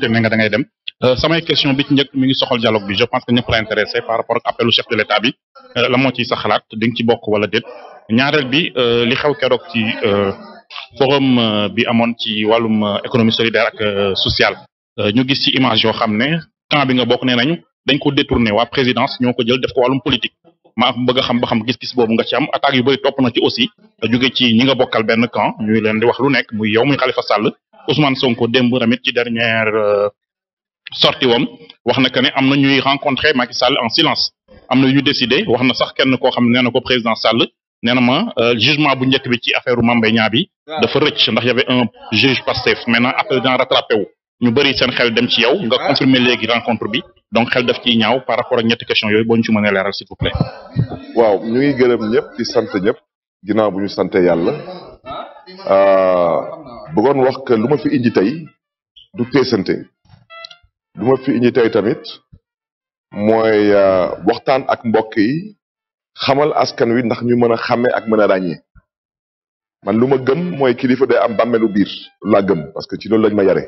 dem ne nga da ngay dem euh, samay question bi ci mi ngi soxal dialogue bi je pense que ñëpp la intéressé par rapport ak appelu chef de l'état bi euh, la moo ciy sa xalaat nga ci bokk wala déet ñaareel bi euh, li xew keroog ci forum bi amoon ci wàllum économie solidaire ak sociale ñu gis ci image yoo xam ne camp bi nga bokk nee nañu dañ ko détourné waa présidence ñoo ko jël def ko wàllum politique maa bëgg xam ba xam gis-gis boobu nga ci am attaques yu bëri topp na ci aussi jóge ci ñi nga bokkal benn camp ñuy leen di wax lu nekk muy yow muy Khalifa Sall Ousmane Sonko démb tamit ci dernière euh, sorti wam wax na que ne am na ñuy rencontrer Macky Sall en silence am na ñu décidé wax na sax kenn koo xam ne nee na ko président Sall nee na ma euh, jugement bu njëkk bi ci affaire Mame Mbaye Niang bi dafa rëcc ndax y avait un juge Pastef maintenant appel d'en rattrapé ñu bëri seen xel dem ci yow nga confirmer léegi rencontre bi donc xel def ciy ñaaw par rapport ak ñetti question yooyu boo ñu ci mënee leeral s'il vous plaît. waaw ñu ngi gërëm ñëpp di sant ñëpp ginnaaw bu ñu sant yàlla. Euh, bëggoon wax que lu ma fi indi tey du teesante lu fi indi tey tamit mooy euh, waxtaan ak mbokk yi xamal askan wi ndax ñu mën a xàmme ak mën a man lu ma gëm mooy kilifa day am bàmmeelu biir laa gëm parce que ci loolu lañ ma yare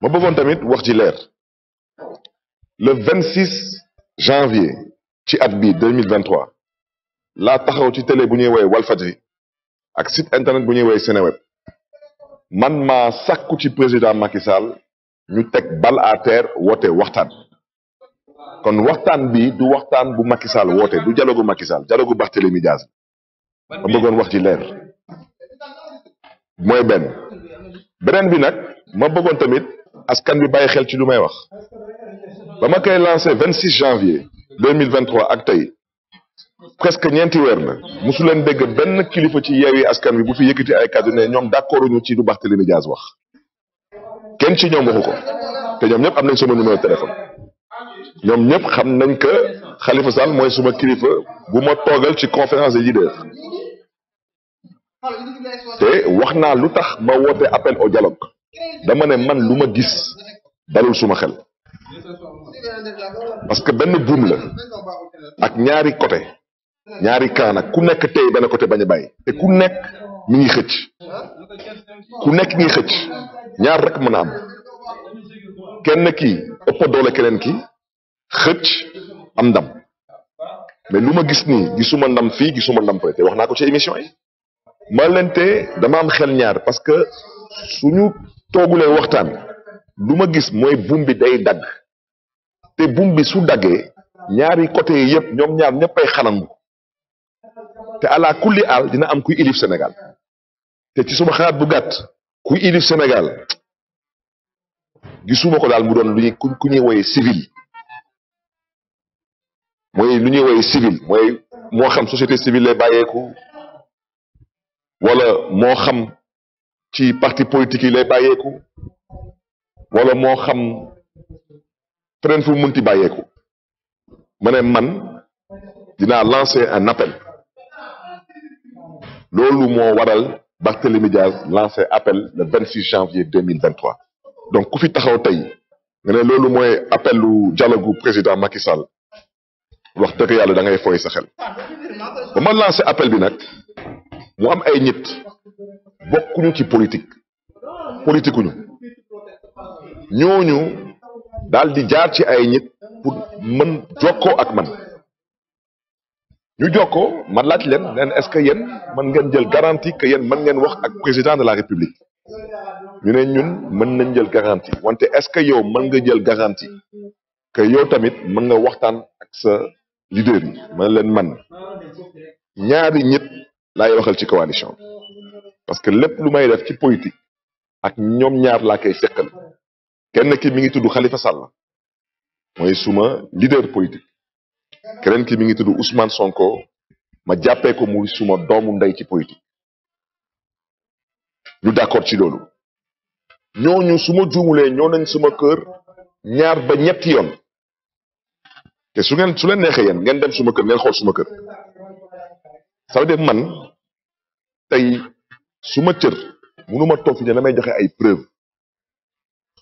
ma bëggoon tamit wax ci leer le 26 janvier ci at bi 2023 laa taxaw ci tele bu ñuy woowee Walfadjri ak site internet bu ñuy woy Seneweb man ma sàkku ci président Macky Sall ñu teg bal à terre woote waxtaan kon waxtaan bi du waxtaan bu Macky Sall woote du dialogu Macky Sall dialogu Barthélémy Diaz ma bëggoon wax ci leer mooy benn beneen bi nag ma bëggoon tamit askan bi bàyyi xel ci lu may wax ba ma koy lancé 26 janvier 2023 ak tey presque ñeenti weer na mosu leen dégg benn kilifa ci yeewi askan wi bu fi yëkkati ay kàddu ne ñoom d'accord ñu ci du Barthélémy Dias wax kenn ci ñoom waxu ko te ñoom ñëpp am nañ sama numéro téléphone ñoom ñëpp xam nañ que Khalifa Sall mooy suma kilifa bu ma toogal ci conférence des leaders te wax naa lu tax ma woote appel au dialogue dama ne man lu ma gis dalul suma xel parce que benn buum la ak ñaari côté ñaari camp ku nekk tey benn côté bañ a bàyyi te ku nekk mi ngi xëcc ku nekk mi ngi xëcc ñaar rek mën a am kenn ki ëpp doole keneen ki xëcc am ndam mais lu ma gis nii gisuma ndam fii gisuma ndam fële te wax naa ko ci émission yi ma leen te dama am xel ñaar parce que suñu toogulee waxtaan lu ma gis mooy bum bi day dagg te bum bi su daggee ñaari côté yi yëpp ñoom ñaar ñëppay xalangu te ala kulli al dina am kuy ilif Sénégal te ci suma xalaat bu gàtt kuy ilif Sénégal suma ko daal mu doon ku ñuy woyee civil mooy lu ñuy moo xam société civile lay bàyyeeku wala moo xam ci parti politique yi lay wala moo xam feneen fu mu munti bàyyeeku ma man dinaa lancé un appel. loolu moo waral Barthélémy Diaz lancé appel le 26 janvier 2023 donc ku fi taxaw tey nga ne loolu mooy appelu dialogue président Macky Sall wax dëgg yàlla da ngay fooy sa xel ba ma lancé appel bi nag mu am ay nit bokkuñu ci politique politikuñu ñooñu daal di jaar ci ay nit pour mën jokkoo ak man. ñu jokko ma laaj leen leen est-ce que yéen mën ngeen jël garanti que yéen mën ngeen wax ak président de la république ñu ne ñun mën nañ jël garantie wante est-ce que yow mën nga jël garantie que yow tamit mën nga waxtaan ak sa leader ma mën leen man ñaari ñit laay waxal ci coalition parce que lépp lu may def ci politique ak ñoom ñaar laa koy seqal kenn ki mi ngi tudd xalifa salla mooy suma leader politique keneen ki mi ngi tudd Ousmane Sonko ma jàppee ko mu suma doomu ndey ci politique ñu d'accord ci loolu ñooñu su ma juumulee ñoo nañ suma kër ñaar ba ñetti yoon te su ngeen su leen neexee yéen ngeen dem suma kër ngeen xool suma kër ça veut dire man tey suma cër mënuma toog fi ne may joxe ay preuve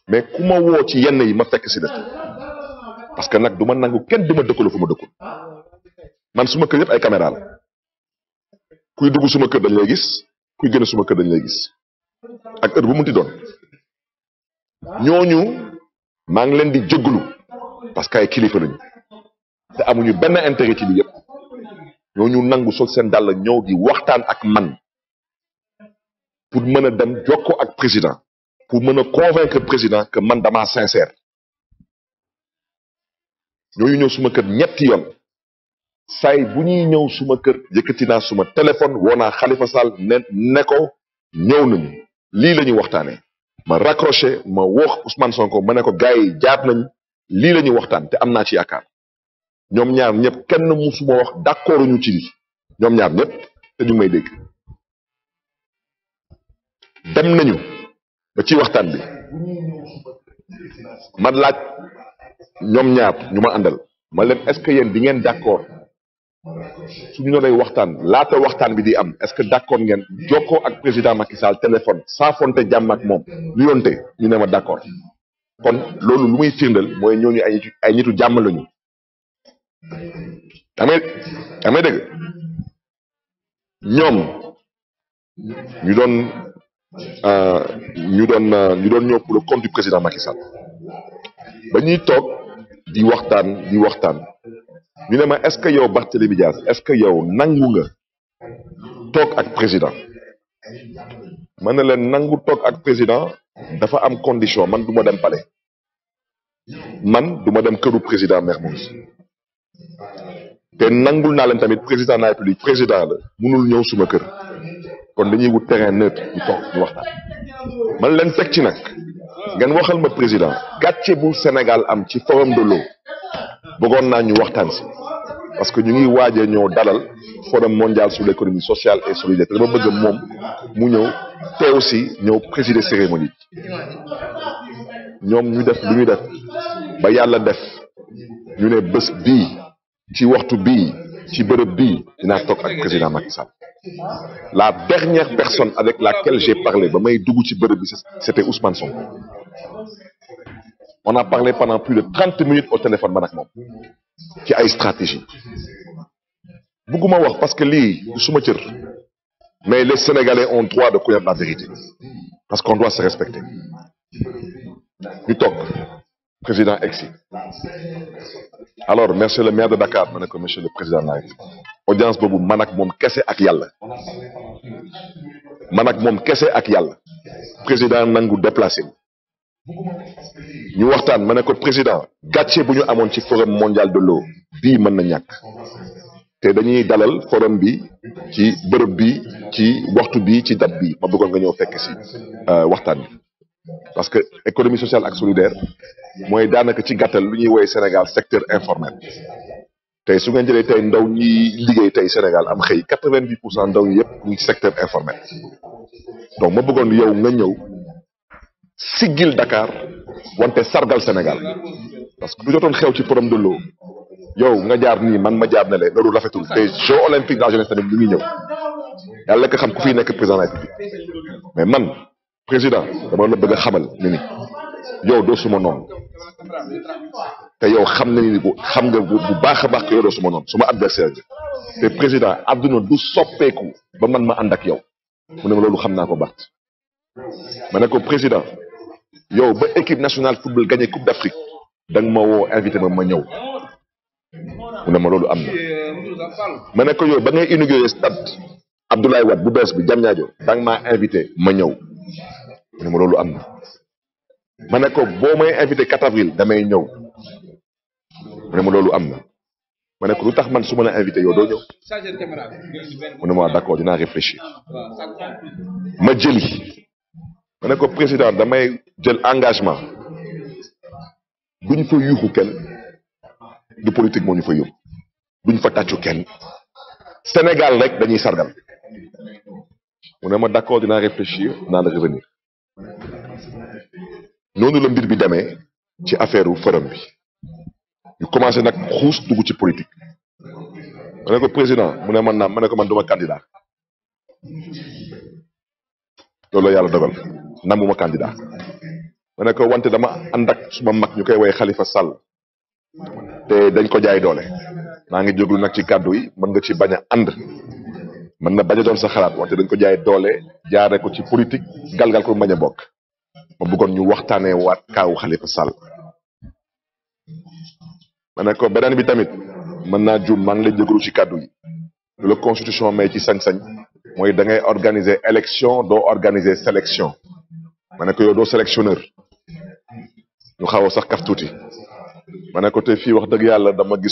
mais ku ma woo ci yenn yi ma fekk si la parce que nag du ma nangu kenn du ma dëkkaloo fu ma dëkkul man suma kër yëpp ay caméra la kuy dugg suma kër dañ lay gis kuy génn suma kër dañ lay gis ak heure bu mu ti doon ñooñu maa ngi leen di jéggalu parce que ay kilifa lañu te amuñu benn intérêt ci bi yëpp ñooñu nangu sol seen dàll ñëw di waxtaan ak man pour mën a dem jokkoo ak président pour mën a convaincre président que man dama sincère ñooñu ñëw suma kër ñetti yoon. say bu ñuy ñëw suma kër yëkkati naa suma téléphone woo naa Khalifa Sall ne ne ko ñëw nañu lii la ñu waxtaanee ma raccroché ma woo Ousmane Sonko ma ne ko gars yi jaat nañ lii la ñuy waxtaan te am naa ci yaakaar ñoom ñaar ñëpp kenn musuma wax d'accord ñu ci lii ñoom ñaar ñëpp te ñu may dégg dem nañu ba ci waxtaan bi man laaj ñoom ñaar ñu ma àndal ma leen est-ce que yéen ngeen d'accord su ñu doon waxtaan laata waxtaan bi di am est-ce que d'accord ngeen jokkoo ak président Macky téléphone saa fonte jàmm ak moom lu ñu ne ma d'accord kon loolu muy firndeel mooy ñooñu ay ay ñitu jàmm lañu. amee amee ñu doon euh, ñu doon euh, ñu doon ñëw pour le compte du président Macky ba ñuy toog di waxtaan di waxtaan. ñu ne ma est-ce que yow Barthélémy Dias est-ce que yow nangu nga toog ak président ma ne leen nangu toog ak président dafa am condition man du ma dem palais man duma dem këru président Mermoz te nangul naa leen tamit président na la République président la mënul ñëw suma kër kon dañuy wut terrain neutre ñu toog ñu waxtaan man leen teg ci nag ngeen waxal ma président gàcce bu Sénégal am ci forum de l'eau bëggoon naa ñu waxtaan si parce que ñu ngi waaja ñëw dalal forum mondial sur l'économie sociale et solidaire te dama bëgg moom mu ñëw te aussi ñëw présider cérémonie ñoom ñu def lu ñu def ba yàlla def ñu ne bés bii ci waxtu bi ci bërëb bi dinaa toog ak président Macky Sall la dernière personne avec laquelle j'ai parlé ba may dugg ci bërëb bi c'était Ousmane on a parlé pendant plus de trente minutes au téléphone man ak moom ci ay stratégie bëgguma wax parce que lii du suma mais les sénégalais ont droit de connaître la vérité parce qu'on doit se respecter ñu toog président exi alors monsieur le maire de Dakar ma ne ko monsieur le président la audience boobu man ak moom kese ak yàlla man ak moom kese ak yàlla président nangu déplacé ñu waxtaan ma ne ko président gàcce bu ñu amoon ci forum mondial de l'eau bii mën na ñàkk te dañuy dalal forum bi ci bërëb bi ci waxtu bi ci date bi ma bëggoon nga ñëw fekk si euh, waxtaan bi parce que économie sociale ak solidaire mooy daanaka ci gàttal lu ñuy woowee Sénégal secteur informel tey su ngeen jëlee tey ndaw ñi liggéey tey Sénégal am xëy quatre vingt pour cent ndaw ñi yëpp ñu ci secteur informel donc ma bëggoon yow nga ñëw. siggil Dakar wante sargal Sénégal parce que du jotoon xew ci Forum de l'eau yow nga jaar nii man ma jaar ne le loolu rafetul te jeux olympiques de la jeunesse tamit ñu ngi ñëw xam ku nekk président de mais man président dama la bëgg a xamal ni ni yow doo suma noonu te yow xam na ni bu xam nga bu baax a baax que yow doo suma noonu suma adversaire bi te président àdduna du soppeeku ba man ma ànd ak yow mu ne loolu xam naa ko baax ma ne président yow ba équipe nationale football gagné coupe d'Afrique da nga ma woo invité ma ma ñëw mu ma loolu am na ma ne ko yow ba ngay inauguré stade Abdoulaye Wade bu bees bi Diamniadio da nga maa invité ma ñëw mu ne ma loolu am na ma ne boo may invité 4 avril damay ñëw mu ne ma loolu am na ma ne lu tax man su ma la invité yow doo ñëw ma waa d'accord dinaa réfléchir ma jëli ma ne ko président jël engagement duñ fa yuuxu kenn du politique moo ñu fa yóbbu duñ fa tàccu kenn Sénégal rek dañuy sargal mu ne ma d'accord dinaa réfléchir naa la noonu la mbir bi demee ci affaire u forum bi ñu commencé nag xuus dugg ci politique ma ne ko président mu ne man naam ma ne ko man duma candidat loolu yàlla dogal namuma candidat ma ne wante dama ànd suma mag ñu koy woy xalifa Sall te dañ ko jaay doole maa ngi jóglu nag ci kàddu yi mën nga ci bañ a ànd mën na bañ a doon sa xalaat wante dañ ko jaay doole jaar ko ci politique galgal ko bañ a bokk ma bëggoon ñu waxtaanee waat kaawu Khalifa Sall ma ne ko beneen bi tamit mën naa juum maa ngi lay ci kàddu yi lu la constitution may ci sañ-sañ mooy dangay organiser élection do organiser sélection ma ne ko yow sélectionneur ñu xaw a sax kaf tuuti ma ne ko tey fii wax dëgg yàlla dama gis